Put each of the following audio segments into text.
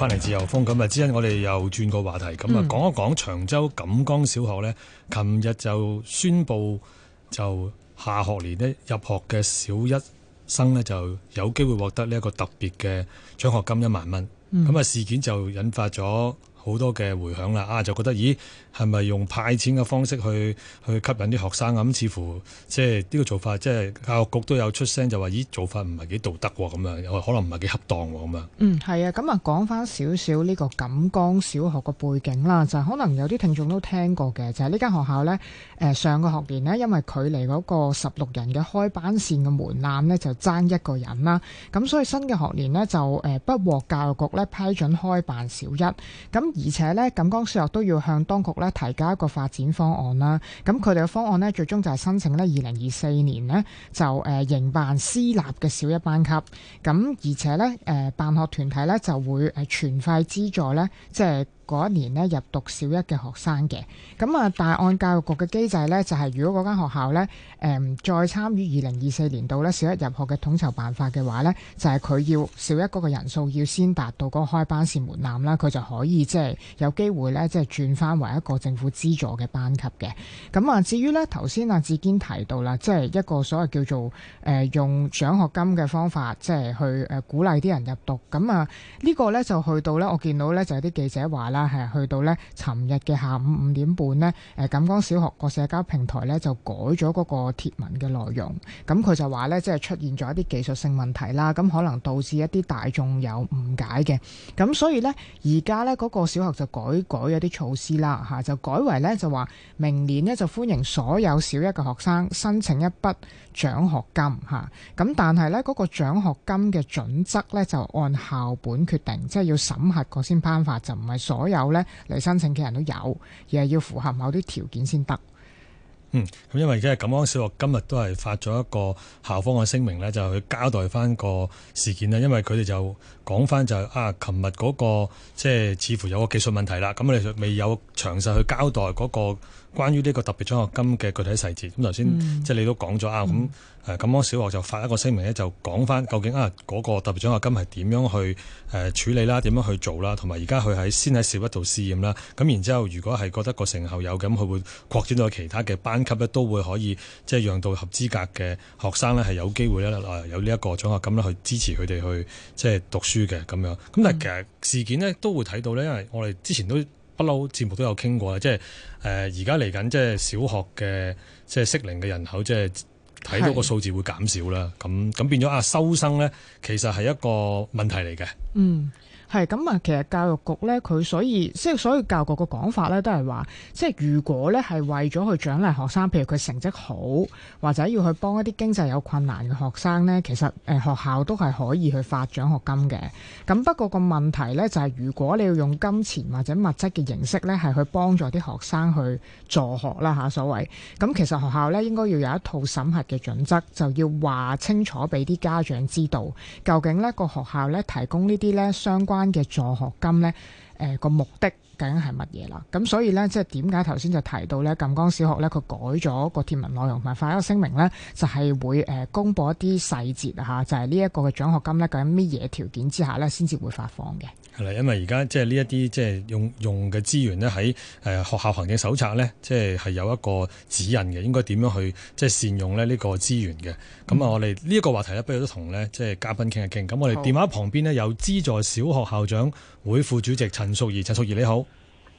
翻嚟自由風咁啊！之因我哋又轉個話題，咁啊講一講長洲錦江小學呢，琴日就宣布就下學年呢，入學嘅小一生呢就有機會獲得呢一個特別嘅獎學金，一萬蚊。咁啊、嗯、事件就引發咗好多嘅迴響啦啊，就覺得咦～係咪用派錢嘅方式去去吸引啲學生啊？咁似乎即係呢、這個做法，即係教育局都有出聲，就話：咦，做法唔係幾道德喎咁啊！可能唔係幾恰當喎咁啊。嗯，係啊。咁啊，講返少少呢個錦江小學嘅背景啦，就是、可能有啲聽眾都聽過嘅。就係呢間學校呢，誒、呃、上個學年呢，因為距離嗰個十六人嘅開班線嘅門檻呢，就爭一個人啦。咁所以新嘅學年呢，就誒不獲教育局呢，批准開辦小一。咁而且呢，錦江小學都要向當局。提交一個發展方案啦，咁佢哋嘅方案呢，最終就係申請呢，二零二四年呢，就誒營辦私立嘅小一班級，咁而且呢，誒辦學團體呢，就會誒全費資助呢，即係。嗰一年呢，入讀小一嘅學生嘅，咁啊，但係按教育局嘅機制咧，就係、是、如果嗰間學校咧，誒、嗯、再參與二零二四年度咧小一入學嘅統籌辦法嘅話咧，就係、是、佢要小一嗰個人數要先達到嗰個開班綫門檻啦，佢就可以即係、就是、有機會咧，即、就、係、是、轉翻為一個政府資助嘅班級嘅。咁啊，至於咧頭先阿志堅提到啦，即、就、係、是、一個所謂叫做誒、呃、用獎學金嘅方法，即、就、係、是、去誒、呃、鼓勵啲人入讀，咁啊，這個、呢個咧就去到咧，我見到咧就有啲記者話啦。係去到咧，尋日嘅下午五點半咧，誒錦江小學個社交平台咧就改咗嗰個貼文嘅內容。咁佢就話咧，即係出現咗一啲技術性問題啦，咁可能導致一啲大眾有誤解嘅。咁所以咧，而家咧嗰個小學就改改咗啲措施啦，嚇、啊、就改為咧就話明年咧就歡迎所有小一嘅學生申請一筆獎學金嚇。咁、啊、但係咧嗰個獎學金嘅準則咧就按校本決定，即、就、係、是、要審核過先頒發，就唔係所。有呢嚟申請嘅人都有，而係要符合某啲條件先得。嗯，咁因為而家係錦安小學今日都係發咗一個校方嘅聲明呢，就去交代翻個事件咧，因為佢哋就。講翻就係啊，琴日嗰個即係似乎有個技術問題啦，咁我哋未有詳細去交代嗰個關於呢個特別獎學金嘅具體細節。咁頭先即係你都講咗啊，咁誒咁我小學就發一個聲明咧，就講翻究竟啊嗰個特別獎學金係點樣去誒處理啦，點樣去做啦，同埋而家佢喺先喺小一度試驗啦。咁然之後，如果係覺得個成效有咁，佢會擴展到其他嘅班級咧，都會可以即係讓到合資格嘅學生咧係有機會咧有呢一個獎學金咧去支持佢哋去即係讀書。嘅咁樣，咁但係其實事件咧都會睇到咧，因為我哋之前都不嬲節目都有傾過啦，即係誒而家嚟緊即係小學嘅即係適齡嘅人口，即係睇到個數字會減少啦，咁咁的變咗啊收生咧其實係一個問題嚟嘅，嗯。係咁啊，其實教育局咧，佢所以即係所以教育局個講法咧，都係話，即係如果咧係為咗去獎勵學生，譬如佢成績好，或者要去幫一啲經濟有困難嘅學生咧，其實、呃、學校都係可以去發獎學金嘅。咁不過個問題咧就係、是，如果你要用金錢或者物質嘅形式咧，係去幫助啲學生去助學啦嚇，所謂咁其實學校咧應該要有一套審核嘅準則，就要話清楚俾啲家長知道，究竟呢個學校咧提供呢啲咧相關嘅助學金咧，誒個目的。究竟係乜嘢啦？咁所以呢，即係點解頭先就提到呢？錦江小學呢，佢改咗個貼文內容同埋發一個聲明呢，就係會誒公佈一啲細節啊嚇，就係呢一個嘅獎學金呢，究竟乜嘢條件之下呢，先至會發放嘅？係啦，因為而家即係呢一啲即係用用嘅資源呢，喺誒學校行政手冊呢，即係係有一個指引嘅，應該點樣去即係善用呢呢個資源嘅。咁啊，我哋呢一個話題呢，不如都同呢，即係嘉賓傾一傾。咁好我哋電話旁邊呢，有資助小學校長。會副主席陳淑儀，陳淑儀你好，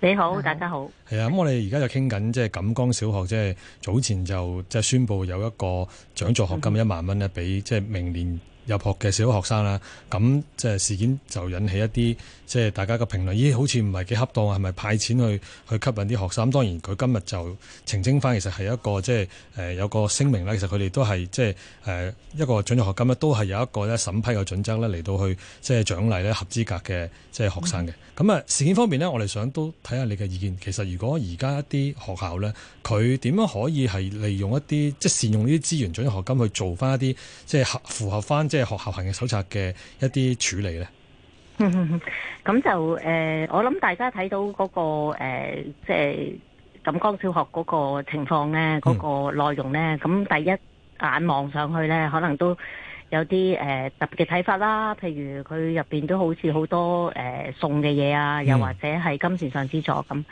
你好，你好，大家好，係啊，咁我哋而家就傾緊即係錦江小學，即係早前就即係宣布有一個獎助學金一萬蚊咧，俾即係明年。入學嘅小學生啦，咁即係事件就引起一啲即係大家嘅評論，咦、哎？好似唔係幾恰當啊，係咪派錢去去吸引啲學生？咁當然佢今日就澄清翻，其實係一個即係誒有個聲明咧，其實佢哋都係即係誒一個獎學金咧，都係有一個咧審批嘅準則咧，嚟到去即係獎勵咧合資格嘅即係學生嘅。咁啊、嗯、事件方面呢，我哋想都睇下你嘅意見。其實如果而家一啲學校咧，佢點樣可以係利用一啲即係善用呢啲資源獎學金去做翻一啲即係合符合翻？即係學校行嘅手冊嘅一啲處理咧，咁、嗯、就誒、呃，我諗大家睇到嗰、那個即係錦江小學嗰個情況咧，嗰、那個內容咧，咁、嗯、第一眼望上去咧，可能都有啲誒、呃、特別嘅睇法啦，譬如佢入面都好似好多誒、呃、送嘅嘢啊，又或者係金錢上資助咁。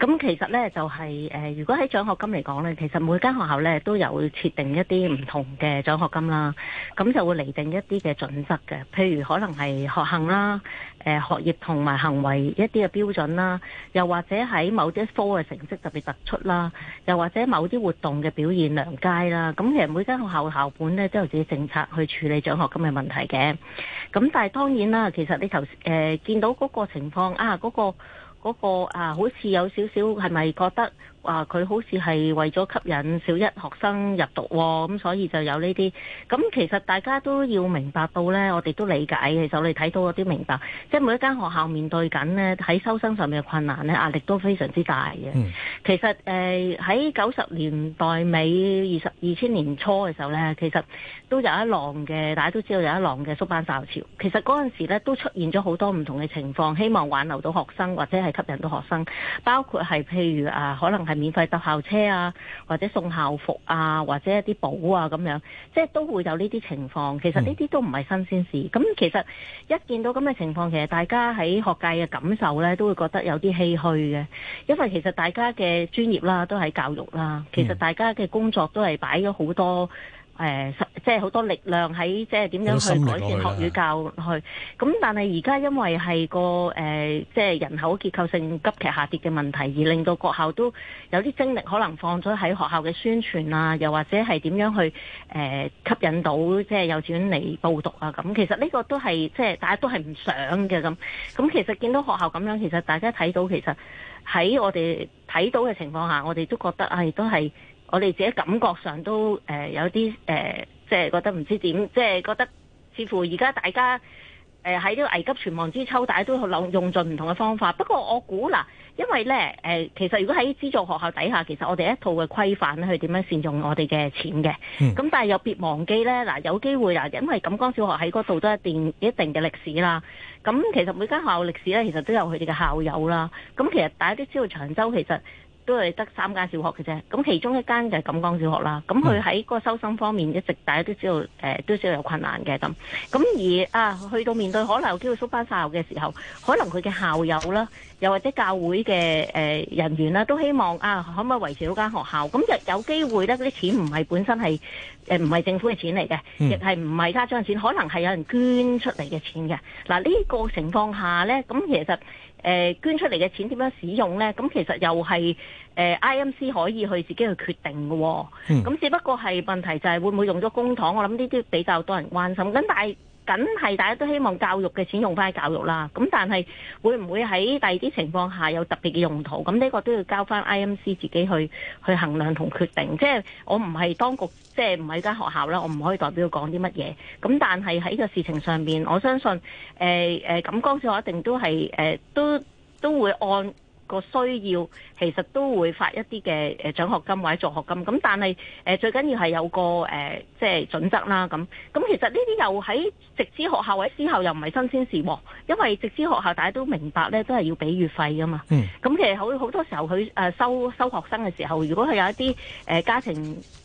咁其實呢，就係、是、誒、呃，如果喺獎學金嚟講呢，其實每間學校呢都有設定一啲唔同嘅獎學金啦，咁就會釐定一啲嘅準則嘅，譬如可能係學行啦。誒學業同埋行為一啲嘅標準啦，又或者喺某啲科嘅成績特別突出啦，又或者某啲活動嘅表現良佳啦，咁其實每間學校校本咧都有自己政策去處理獎學金嘅問題嘅。咁但係當然啦，其實你頭先、呃、見到嗰個情況啊，嗰、嗰個。嗰、那個啊，好似有少少係咪覺得啊，佢好似係為咗吸引小一學生入讀，咁、哦嗯、所以就有呢啲。咁、嗯、其實大家都要明白到呢，我哋都理解。其實我哋睇到嗰啲明白，即係每一間學校面對緊呢喺收生上面嘅困難呢，壓力都非常之大嘅。嗯、其實誒喺九十年代尾二十二千年初嘅時候呢，其實都有一浪嘅，大家都知道有一浪嘅縮班校潮。其實嗰陣時呢都出現咗好多唔同嘅情況，希望挽留到學生或者係，吸引到學生，包括係譬如啊，可能係免費搭校車啊，或者送校服啊，或者一啲補啊咁樣，即係都會有呢啲情況。其實呢啲都唔係新鮮事。咁其實一見到咁嘅情況，其實大家喺學界嘅感受咧，都會覺得有啲唏嘘嘅，因為其實大家嘅專業啦，都喺教育啦，其實大家嘅工作都係擺咗好多誒。呃即係好多力量喺即係點樣去改善去學語教去，咁但係而家因為係個誒、呃、即係人口結構性急劇下跌嘅問題，而令到學校都有啲精力可能放咗喺學校嘅宣傳啊，又或者係點樣去誒、呃、吸引到即係幼稚園嚟報讀啊咁。其實呢個都係即係大家都係唔想嘅咁。咁其實見到學校咁樣，其實大家睇到其實喺我哋睇到嘅情況下，我哋都覺得係、哎、都係我哋自己感覺上都誒、呃、有啲誒。呃即係覺得唔知點，即係覺得似乎而家大家誒喺呢個危急存亡之秋，大家都用用盡唔同嘅方法。不過我估嗱，因為咧誒、呃，其實如果喺資助學校底下，其實我哋一套嘅規範咧，去點樣善用我哋嘅錢嘅。咁、嗯、但係又別忘記咧，嗱、呃、有機會啊，因為錦江小學喺嗰度都一定一定嘅歷史啦。咁其實每間校歷史咧，其實都有佢哋嘅校友啦。咁其實大家都知道長洲其實。都係得三間小學嘅啫，咁其中一間就係錦江小學啦。咁佢喺個收生方面，一直大家都知道，誒、呃，都知道有困難嘅咁。咁而啊，去到面對可能有機會縮班殺校嘅時候，可能佢嘅校友啦，又或者教會嘅誒人員啦，都希望啊，可唔可以維持到間學校？咁有有機會咧，嗰啲錢唔係本身係誒唔係政府嘅錢嚟嘅，亦係唔係家長錢，可能係有人捐出嚟嘅錢嘅。嗱、啊、呢、這個情況下咧，咁其實。誒捐出嚟嘅錢點樣使用呢？咁其實又係誒、呃、IMC 可以去自己去決定嘅喎、哦。咁、嗯、只不過係問題就係會唔會用咗公帑？我諗呢啲比較多人關心。咁但係梗係大家都希望教育嘅錢用翻教育啦，咁但係會唔會喺第二啲情況下有特別嘅用途？咁呢個都要交翻 IMC 自己去去衡量同決定。即係我唔係當局，即係唔係間學校啦，我唔可以代表佢講啲乜嘢。咁但係喺呢個事情上面，我相信誒誒，咁江小我一定都係誒、欸、都都會按。個需要其實都會發一啲嘅誒獎學金或者助學金，咁但係誒、呃、最緊要係有個誒、呃、即係準則啦，咁咁其實呢啲又喺直資學校或者私校又唔係新鮮事喎，因為直資學校大家都明白咧，都係要俾月費噶嘛，咁其實好好多時候佢誒、呃、收收學生嘅時候，如果佢有一啲誒、呃、家庭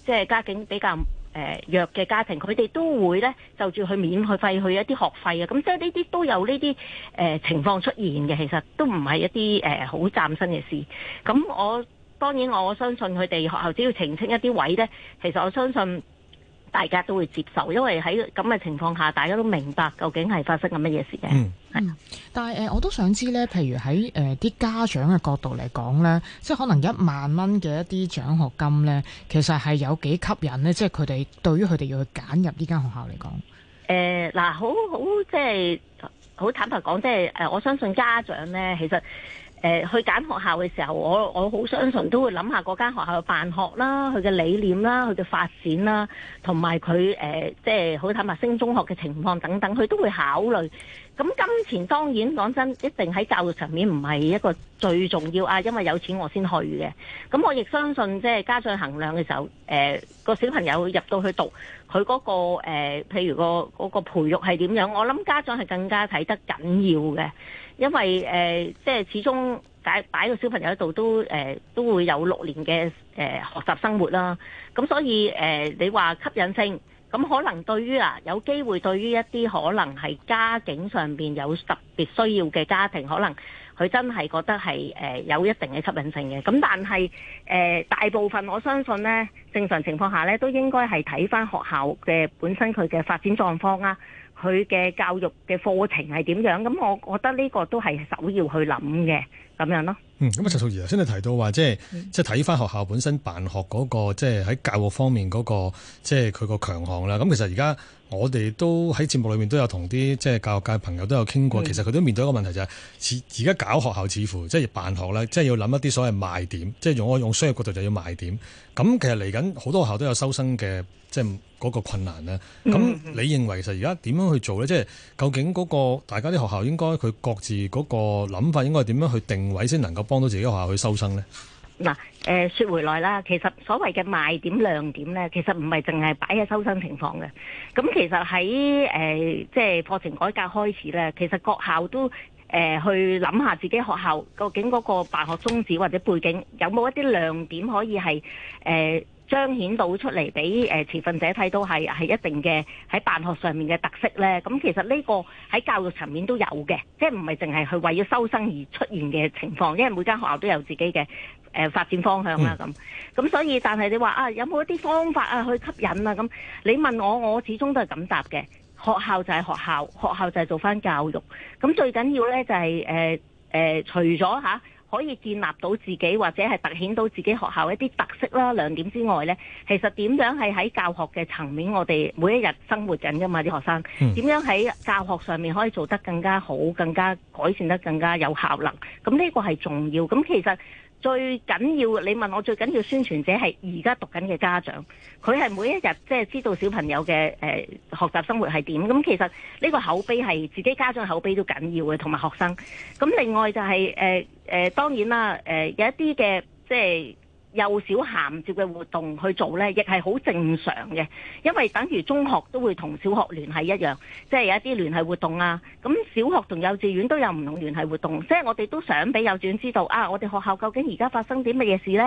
即係家境比較。誒弱嘅家庭，佢哋都會呢，就住去免去費費去一啲學費嘅，咁即係呢啲都有呢啲誒情況出現嘅，其實都唔係一啲誒好嶄新嘅事。咁我當然我相信佢哋學校只要澄清一啲位呢，其實我相信。大家都會接受，因為喺咁嘅情況下，大家都明白究竟係發生緊乜嘢事嘅。嗯，係。嗯，但係誒、呃，我都想知咧，譬如喺誒啲家長嘅角度嚟講咧，即係可能一萬蚊嘅一啲獎學金咧，其實係有幾吸引咧？即係佢哋對於佢哋要去揀入呢間學校嚟講，誒嗱、呃，好好即係好坦白講，即係誒，我相信家長咧，其實。誒去揀學校嘅時候，我我好相信都會諗下嗰間學校嘅辦學啦、佢嘅理念啦、佢嘅發展啦，同埋佢誒即係好坦白升中學嘅情況等等，佢都會考慮。咁金錢當然講真，一定喺教育上面唔係一個最重要啊！因為有錢我先去嘅。咁我亦相信，即係家長衡量嘅時候，誒、呃那個小朋友入到去讀，佢嗰、那個、呃、譬如、那個嗰、那個培育係點樣，我諗家長係更加睇得緊要嘅。因為誒、呃，即係始終擺，擺個小朋友喺度都誒、呃，都會有六年嘅誒、呃、學習生活啦。咁所以誒、呃，你話吸引性。咁可能對於啊有機會對於一啲可能係家境上面有特別需要嘅家庭，可能佢真係覺得係、呃、有一定嘅吸引性嘅。咁但係誒、呃、大部分我相信呢，正常情況下呢，都應該係睇翻學校嘅本身佢嘅發展狀況啦。佢嘅教育嘅課程係點樣？咁我覺得呢個都係首要去諗嘅，咁樣咯。嗯，咁啊陳淑儀頭先你提到話，即係、嗯、即係睇翻學校本身辦學嗰、那個，即係喺教育方面嗰、那個，即係佢個強項啦。咁其實而家我哋都喺節目裏面都有同啲即係教育界朋友都有傾過，嗯、其實佢都面對一個問題就係、是，似而家搞學校似乎即係辦學咧，即係要諗一啲所謂賣點，即係用我用商業角度就要賣點。咁其實嚟緊好多學校都有收生嘅，即係嗰個困難咧。咁你認為其實而家點樣去做呢？即係究竟嗰個大家啲學校應該佢各自嗰個諗法應該點樣去定位，先能夠幫到自己學校去收生呢？嗱，誒，説回來啦，其實所謂嘅賣點、亮點呢，其實唔係淨係擺喺收生情況嘅。咁其實喺誒，即係課程改革開始呢，其實各校都。誒、呃、去諗下自己學校究竟嗰個辦學宗旨或者背景有冇一啲亮點可以係誒、呃、彰顯到出嚟俾誒持份者睇到係係一定嘅喺辦學上面嘅特色咧？咁其實呢個喺教育層面都有嘅，即係唔係淨係去為咗收生而出現嘅情況，因為每間學校都有自己嘅誒、呃、發展方向啦。咁咁所以，但係你話啊，有冇一啲方法啊去吸引啊？咁你問我，我始終都係咁答嘅。學校就係學校，學校就係做翻教育。咁最緊要呢，就係誒誒，除咗吓、啊、可以建立到自己或者係凸顯到自己學校一啲特色啦、亮點之外呢，其實點樣係喺教學嘅層面，我哋每一日生活緊噶嘛，啲學生點樣喺教學上面可以做得更加好、更加改善得更加有效能？咁呢個係重要。咁其實。最緊要，你問我最緊要宣傳者係而家讀緊嘅家長，佢係每一日即係知道小朋友嘅誒、呃、學習生活係點。咁其實呢個口碑係自己家長口碑都緊要嘅，同埋學生。咁另外就係誒誒，當然啦，誒、呃、有一啲嘅即係。幼小銜接嘅活動去做呢，亦係好正常嘅，因為等於中學都會同小學聯繫一樣，即係有一啲聯繫活動啊。咁小學同幼稚園都有唔同聯繫活動，即係我哋都想俾幼稚園知道啊，我哋學校究竟而家發生啲乜嘢事呢？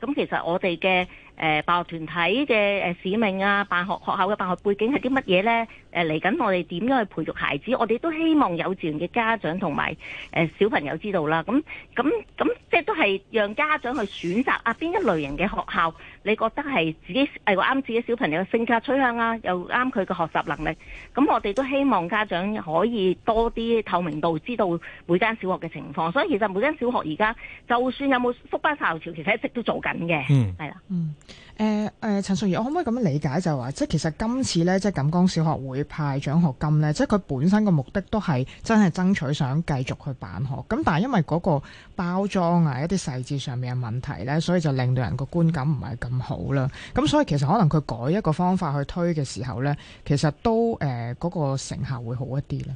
咁其實我哋嘅。誒，辦學團體嘅誒使命啊，辦學學校嘅辦學背景係啲乜嘢咧？誒，嚟緊我哋點樣去培育孩子？我哋都希望幼稚園嘅家長同埋誒小朋友知道啦。咁咁咁，即係都係讓家長去選擇啊邊一類型嘅學校。你覺得係自己係啱自己小朋友嘅性格趨向啊，又啱佢嘅學習能力。咁我哋都希望家長可以多啲透明度，知道每間小學嘅情況。所以其實每間小學而家就算有冇縮班殺校潮，其實一直都做緊嘅。嗯，係啦的。嗯，誒、呃、誒、呃，陳淑儀，我可唔可以咁樣理解就話，即係其實今次咧，即係錦江小學會派獎學金咧，即係佢本身嘅目的都係真係爭取想繼續去辦學。咁但係因為嗰個包裝啊，一啲細節上面嘅問題咧，所以就令到人個觀感唔係咁。唔好啦，咁所以其實可能佢改一個方法去推嘅時候呢，其實都誒嗰、呃那個成效會好一啲啦，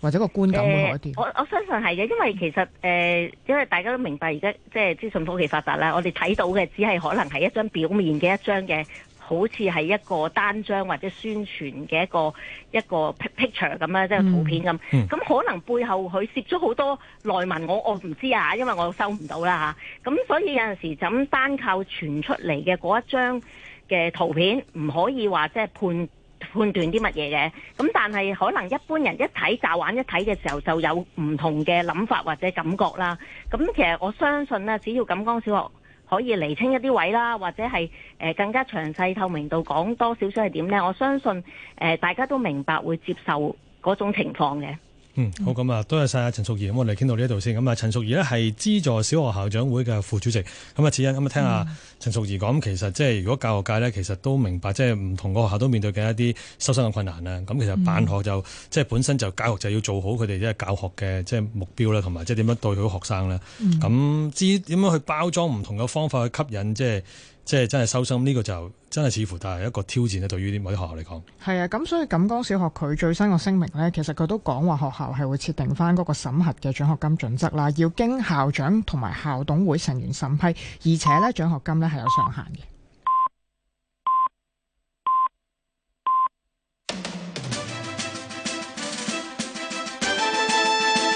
或者個觀感會好一啲、呃。我我相信係嘅，因為其實誒、呃，因為大家都明白而家即係資訊科技發達啦，我哋睇到嘅只係可能係一張表面嘅一張嘅。好似係一個單張或者宣傳嘅一個一個 picture 咁樣，即係圖片咁。咁可能背後佢攝咗好多內文，我我唔知啊，因為我收唔到啦嚇。咁所以有陣時就咁單靠傳出嚟嘅嗰一張嘅圖片，唔可以話即係判判斷啲乜嘢嘅。咁但係可能一般人一睇、乍玩一睇嘅時候，就有唔同嘅諗法或者感覺啦。咁其實我相信呢，只要錦江小學。可以厘清一啲位啦，或者係誒更加詳細透明度講多少少係點咧？我相信誒大家都明白會接受嗰種情況嘅。嗯，好，咁啊，多謝晒阿陳淑儀，咁、嗯、我哋傾到呢一度先。咁啊，陳淑儀呢係資助小學校長會嘅副主席，咁啊，此欣咁啊，聽下陳淑儀講。其實即係如果教學界呢，其實都明白，即係唔同個學校都面對緊一啲收生嘅困難。咁其實辦學就即係、嗯、本身就教育就要做好佢哋即係教學嘅即係目標啦，同埋即係點樣對佢學生啦。咁、嗯、至於點樣去包裝唔同嘅方法去吸引即係。即係真係收心呢個就真係似乎都係一個挑戰咧。對於啲某啲學校嚟講，係啊，咁所以錦江小學佢最新個聲明呢，其實佢都講話學校係會設定翻嗰個審核嘅獎學金準則啦，要經校長同埋校董會成員審批，而且呢獎學金呢係有上限嘅。